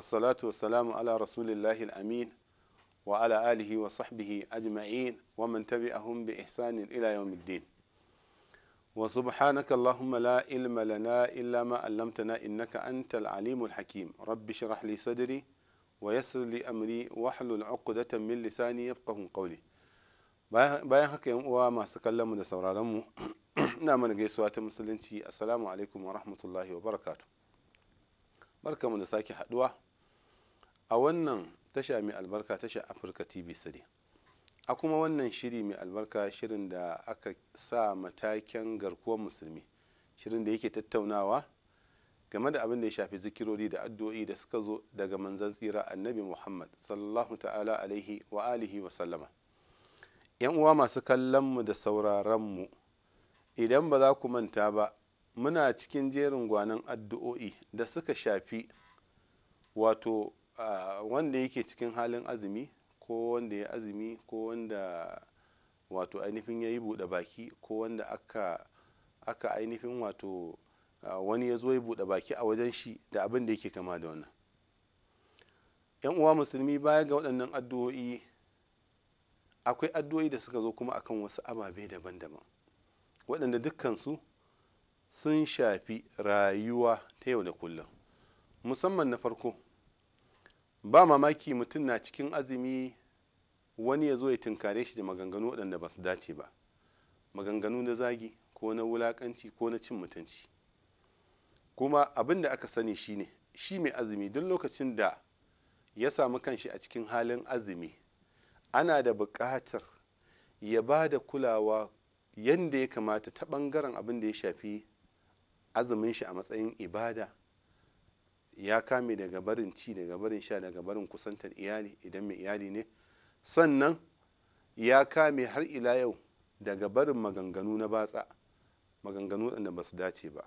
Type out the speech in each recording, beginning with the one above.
والصلاة والسلام على رسول الله الأمين وعلى آله وصحبه أجمعين ومن تبعهم بإحسان إلى يوم الدين وسبحانك اللهم لا علم لنا إلا ما علمتنا إنك أنت العليم الحكيم رب اشرح لي صدري ويسر لي أمري واحلل عقدة من لساني يفقه قولي bayan haka yan uwa masu kallon mu da sauraron mu ina mana gaisuwa ta musulunci assalamu alaikum wa rahmatullahi wa barakatuh barkamu da sake haduwa a wannan tasha mai albarka tasha afirka tv 3 a kuma wannan shiri mai albarka shirin da aka sa mataken garkuwar musulmi shirin da yake tattaunawa game da abin da ya shafi zikirori da addu'o'i da suka zo daga manzan tsira annabi muhammad sallallahu ta'ala alaihi wa alihi wa sallama yan uwa masu kallon mu da sauraron mu idan ba za ku manta ba muna cikin jerin gwanan addu'o'i da suka shafi wato wanda yake cikin halin azumi ko wanda ya azumi ko wanda wato ainihin ya yi buɗe baki ko wanda aka ainihin wato wani ya zo ya buɗe baki a wajen shi da abin da yake kama da wannan yan uwa musulmi baya ga waɗannan addu'o'i akwai addu'o'i da suka zo kuma akan wasu ababe daban-daban waɗanda dukkansu sun shafi rayuwa ta yau da kullum musamman na farko ba mamaki mutum na cikin azumi wani ya zo ya tunkare shi da maganganu waɗanda ba su dace ba maganganu na zagi ko na wulakanci ko na cin mutunci kuma abin da aka sani shine shi mai azumi duk lokacin da ya samu kanshi a cikin halin azumi ana da buƙatar ya ba da kulawa yadda ya kamata ta ɓangaren abin da ya shafi azumin shi a matsayin ibada ya kame daga barin ci daga barin sha daga barin kusantar iyali idan mai iyali ne sannan ya kame har ila yau daga barin maganganu na batsa maganganu da ba su dace ba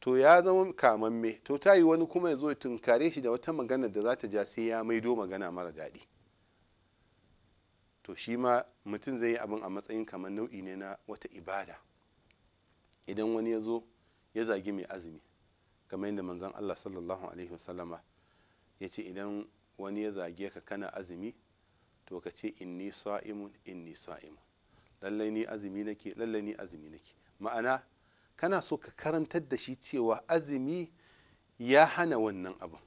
to ya zama kamamme to ta yi wani kuma ya zo tunkare shi da wata magana da za ta ja sai ya maido magana mara daɗi to shi ma mutum zai yi abin a matsayin kamar nau'i ne na wata ibada idan wani ya zo ya zagi mai azumi kamar yadda manzon Allah sallallahu alaihi wasallama ya ce idan wani ya zage ka kana azumi to ka ce inni sa'imun inni sa'imun lallai ni azumi nake lallai ni azumi nake ma'ana kana so ka karantar da shi cewa azumi ya hana wannan abun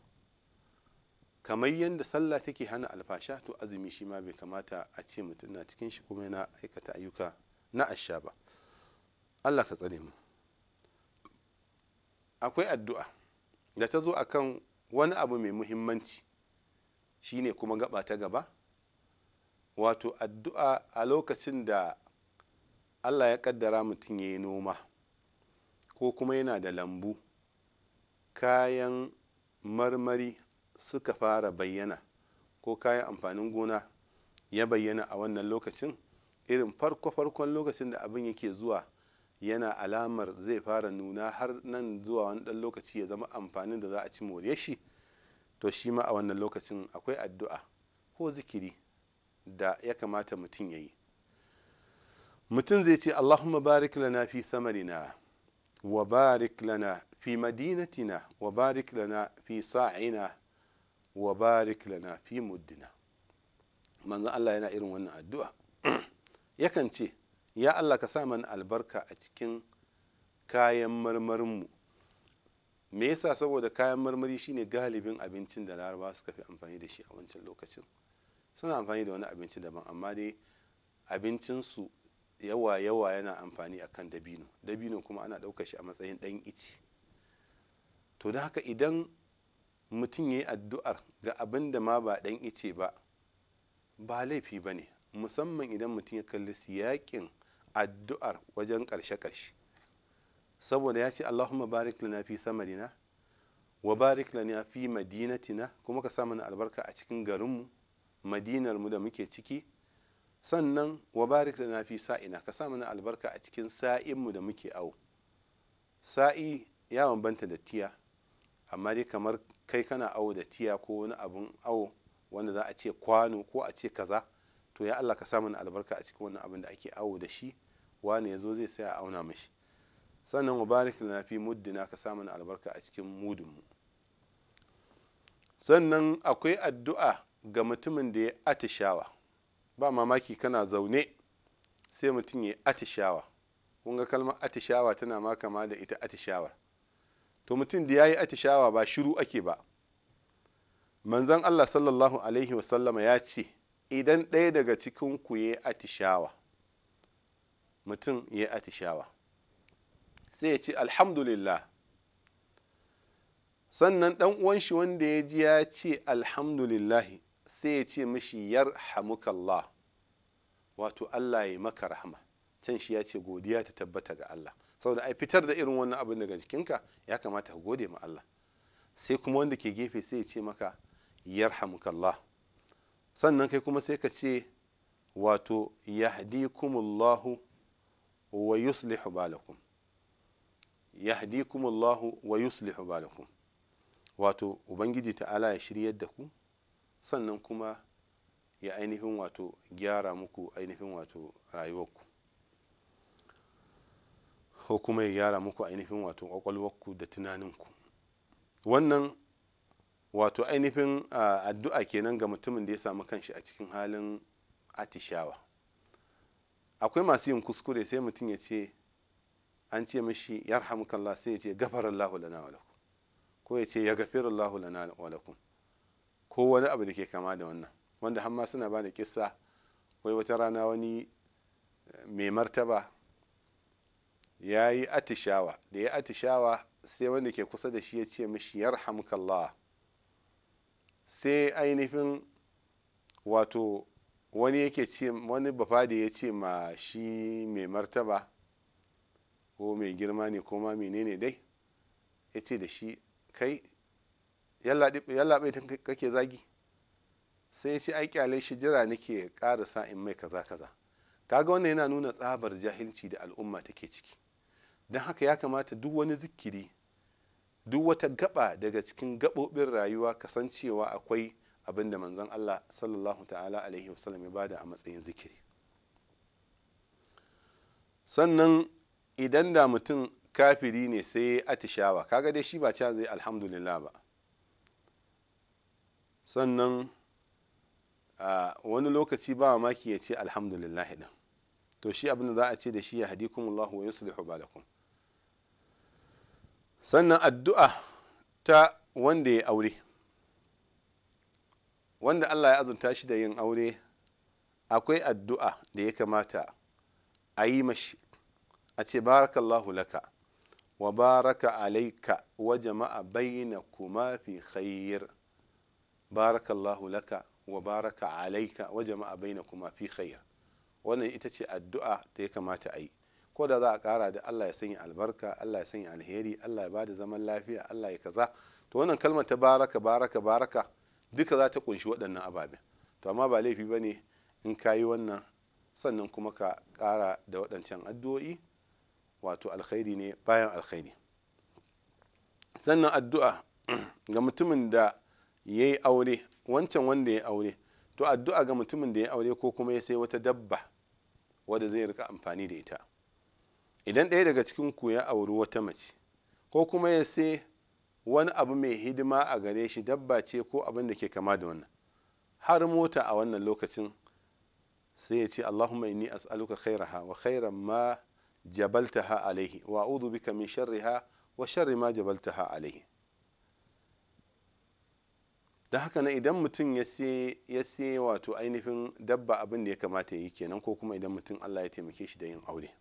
kamar yadda sallah take hana alfasha to azumi shi ma bai kamata a ce mutum na cikin shi kuma yana aikata ayyuka na asha ba allah ka tsare mu akwai addu'a da ta zo akan wani abu mai muhimmanci shine kuma gaba ta gaba wato addu'a a lokacin da allah ya kaddara mutum ya yi noma ko kuma yana da lambu kayan marmari suka fara bayyana ko kayan amfanin gona ya bayyana a wannan lokacin irin farko-farkon lokacin da abin yake zuwa yana alamar zai fara nuna har nan zuwa wani ɗan lokaci ya zama amfanin da za a ci moriyar shi to shi ma a wannan lokacin akwai addu'a ko zikiri da ya kamata mutum ya yi mutum zai ce allahumma barik lana fi samarina wa barik lana fi madinatina wa barik lana fi sa'ina wa barik lana fi muddina manzon allah yana irin wannan addu'a yakan ce ya allah ka sa mana albarka a cikin kayan marmarinmu me yasa saboda kayan marmari shine galibin abincin da laraba suka fi amfani da shi a wancan lokacin suna amfani da wani abinci daban amma dai abincinsu yawa yawa yana amfani akan dabino dabino kuma ana ɗaukar shi a matsayin ɗan ice to da haka idan mutum ya yi addu'ar ga abin da ma ba ɗan ice ba ba laifi ba ne musamman idan mutum ya kalli siyaƙin addu'ar wajen ƙarshe-ƙarshe saboda ya ce allahumma barik lana fi samarina wa barik lana fi madinatina kuma ka samu albarka a cikin garinmu madinarmu da muke ciki sannan wa barik lana fi sa'ina ka samu albarka a cikin sa'inmu da muke awo sa'i ya bambanta da tiya amma dai kamar kai kana awo da tiya ko wani abun awo wanda za a ce kwano ko a ce kaza to ya Allah ka sa mana albarka a cikin wannan abin da ake awo da shi wane yazo zai sai a auna mashi sannan wa barik fi muddina ka sa mana albarka a cikin mudun mu sannan akwai addu'a ga mutumin da ya atishawa ba mamaki kana zaune sai mutum ya atishawa kun ga kalmar atishawa tana ma kama da ita atishawar to mutum da ya yi atishawa ba shiru ake ba manzan allah sallallahu alaihi wasallama ya ce idan ɗaya daga cikin ku ya atishawa mutum ya atishawa sai ya ce alhamdulillah sannan ɗan uwan shi wanda ya ji ya ce alhamdulillah sai ya ce mashi yarhamukallah wato Allah ya maka rahama can shi ya ce godiya ta tabbata ga Allah saboda ai fitar da irin wannan abin daga jikinka ya kamata ka gode ma Allah sai kuma wanda ke gefe sai ya ce maka yarhamukallah sannan kai kuma sai ka ce wato yahdikumullahu wa yuslihu balakum yahdikumullahu wa yuslihu balakum wato ubangiji ta'ala ya shiryar da ku sannan kuma ya ainihin wato gyara muku ainihin wato rayuwarku ko kuma ya gyara muku ainihin wato kwakwalwarku da tunaninku wannan wato ainihin addu'a kenan ga mutumin da ya samu kanshi a cikin halin atishawa akwai masu yin kuskure sai mutum ya ce an ce mashi yarhamukallah sai ya ce gafarallahu lana wa ko ya ce ya gafirallahu lana wa ko wani abu da ke kama da wannan wanda hamma suna ba da kissa wai wata rana wani eh, mai martaba ya yi atishawa da ya atishawa sai wanda ke kusa da shi ya ce mishi yarhamukallah sai ainihin wato wani yake ce wani bafade ya ce ma shi mai martaba ko mai girma ne ko ma menene dai ya ce da shi kai yallaɓe ta kake zagi sai ya ce ai kyale shi jira nake sa in mai kaza kaza kaga wannan yana nuna tsabar jahilci da al'umma take ciki don haka ya kamata duk wani zikiri duk wata gaba daga cikin gaɓoɓin rayuwa kasancewa akwai abin da manzon Allah sallallahu ta'ala alaihi wasallam ya bada a matsayin zikiri sannan idan da mutum kafiri ne sai atishawa kaga dai shi ba ca zai alhamdulillah ba sannan wani lokaci ba maki ya ce alhamdulillah din to shi abin da za a ce da shi ya hadikumullahu wa yuslihu balakum sannan addu'a ta wanda ya aure wanda allah ya azunta shi da yin aure akwai addu'a da ya kamata a yi mashi a ce barakallahu laka wa baraka alaika wa jama'a bayyana kuma fi khair barakallahu laka wa baraka alaika wa jama'a bayyana kuma fi khayyar wannan ita ce addu'a da ya kamata a yi ko da za a kara da Allah ya sanya albarka Allah ya sanya alheri Allah ya bada zaman lafiya Allah ya kaza to wannan kalmar ta baraka baraka baraka duka za ta kunshi waɗannan ababen to amma ba laifi ba ne in ka yi wannan sannan kuma ka kara da waɗancan addu'o'i wato alkhairi ne bayan alkhairi sannan addu'a ga mutumin da ya yi aure wancan wanda ya yi aure to addu'a ga mutumin da ya yi aure ko kuma ya sai wata dabba wadda zai rika amfani da ita idan ɗaya daga cikin ku ya auri wata mace ko kuma ya sai wani abu mai hidima a gare shi dabba ce ko abin da ke kama da wannan har mota a wannan lokacin sai ya ce allahumma inni as'aluka khairaha wa khairan ma jabaltaha alaihi wa a'udhu bika min sharriha wa sharri ma jabaltaha alaihi da haka na idan mutum ya sai wato ainihin dabba abin da ya kamata ya yi kenan ko kuma idan mutum allah ya taimake shi da yin aure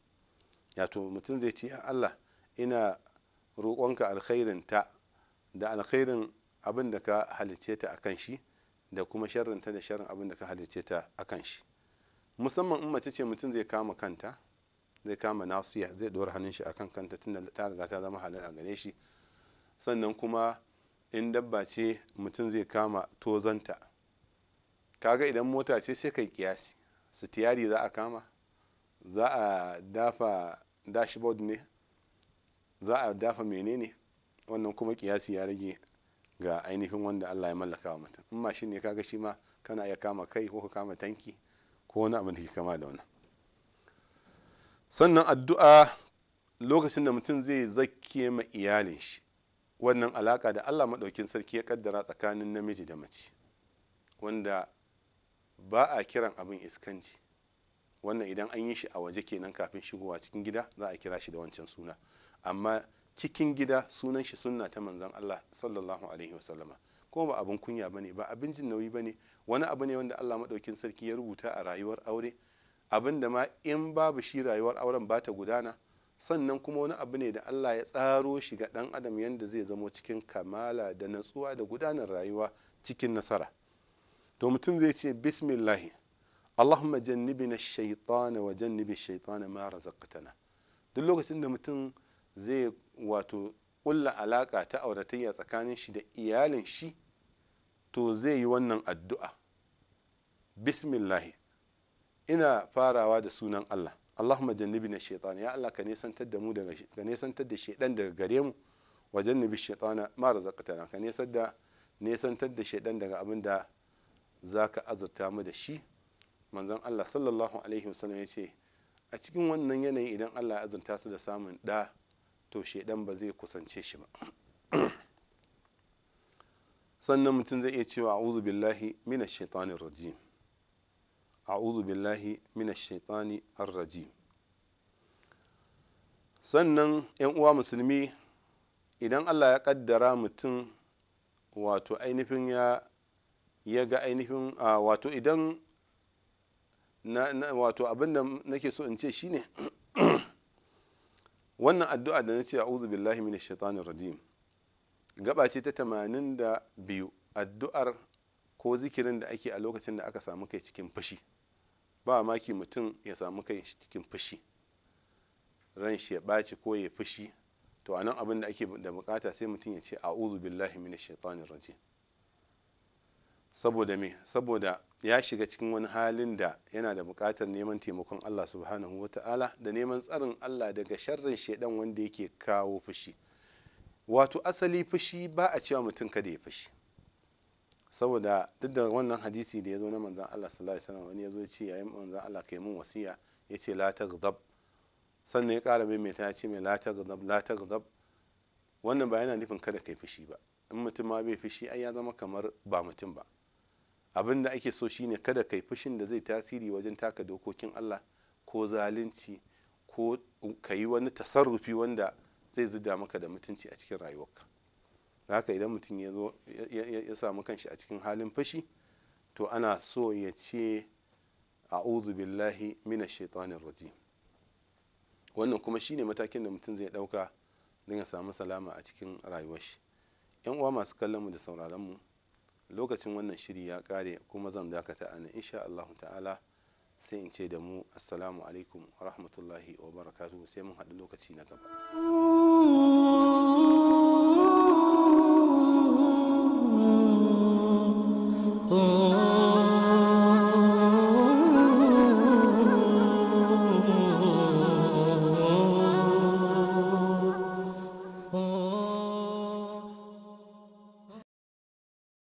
yato mutum zai ce a Allah ina roƙonka alkhairin ta da alkhairin abin da ka halicce ta a kan shi da kuma sharrin ta da sharrin abin da ka halicce ta a kan shi musamman in mace ce mutum zai kama kanta zai kama nasiya zai dora hannun shi a kan kanta da ta riga ta zama halal a gare shi sannan kuma in dabba ce mutum zai kama tozanta kaga idan mota ce sai kai kiyasi sitiyari za a kama za a dafa dashboard ne za a dafa menene wannan kuma kiyasi ya rage ga ainihin wanda allah ya mallaka wa mutum in mashin ne kaga shi ma kana iya kama kai ko ka kama tanki ko wani abin da ke kama da wannan sannan addu'a lokacin da mutum zai zakke ma iyalin shi wannan alaka da allah maɗaukin sarki ya kaddara tsakanin namiji da mace wanda ba a kiran abin iskanci wannan idan an yi shi a waje kenan kafin shigowa cikin gida za a kira shi da wancan suna amma cikin gida sunan shi sunna ta manzan Allah sallallahu alaihi wasallama ko ba abin kunya bane ba abin jin nauyi bane wani abu ne wanda Allah madaukin sarki ya rubuta a rayuwar aure abin da ma in babu shi rayuwar auren ba ta gudana sannan kuma wani abu ne da Allah ya tsaro shi ga dan adam yanda zai zamo cikin kamala da natsuwa da gudanar rayuwa cikin nasara to mutum zai ce bismillahi اللهم jannibina shaitana wa jannibi shaitana ma razaqtana duk lokacin da mutum zai wato kulla alaka ta auratayya tsakanin shi da iyalin shi to zai yi wannan addu'a bismillahi ina farawa da sunan Allah Allahumma jannibina shaitana ya Allah ka nesantar da mu daga ka nesantar da shaitan daga gare mu wa jannibi shaitana ma razaqtana ka nesantar da nesantar da shaitan daga abin da zaka azurta mu da shi manzon Allah sallallahu alaihi wasallam ya ce a cikin wannan yanayi idan Allah ya azanta su da samun ɗa to shaidan ba zai kusance shi ba sannan mutum zai iya cewa a'udhu billahi minash shaitanir rajim a'udhu billahi minash shaitani rajim sannan yan uwa musulmi idan Allah ya kaddara mutum wato ainihin ya ya ga ainihin wato idan wato abinda nake so in ce shine wannan addu'a da na ce a'udhu billahi minash shaitanir rajim gaba ce ta 82 addu'ar ko zikirin da ake a lokacin da aka samu kai cikin fushi ba maki mutum ya samu kai cikin fushi ran shi ya baci ko ya fushi to anan abin da ake da bukata sai mutum ya ce a'udhu billahi minash shaitanir rajim saboda me saboda ya shiga cikin wani halin da yana da buƙatar neman taimakon Allah subhanahu wata'ala da neman tsarin Allah daga sharrin shaidan wanda yake kawo fushi wato asali fushi ba a cewa mutum kada ya fushi saboda duk da wannan hadisi da ya zo na manzan Allah sallallahu alaihi wasallam wani ya zo ce yayin manzan Allah kai mun wasiya yace la taghdab sannan ya ƙara mai ta ce mai la taghdab la taghdab wannan ba yana nufin kada kai fushi ba in mutum ma bai fushi ai ya zama kamar ba mutum ba abin da ake so shine kada kai fushin da zai tasiri wajen taka dokokin Allah ko zalunci ko ka yi wani tasarrufi wanda zai zida maka da mutunci a cikin rayuwarka haka idan mutum ya zo ya samu kanshi a cikin halin fashi to ana so ya ce a'udhu billahi minash shaitanir rajim wannan kuma shine matakin da mutum zai dauka don ya samu salama a cikin rayuwar shi yan uwa masu kallon mu da sauraron mu lokacin wannan shiri ya kare kuma zan dakata a nan insha allahu ta'ala sai in ce da mu assalamu alaikum wa rahmatullahi wa barakatuhu sai mun haɗu lokaci na gaba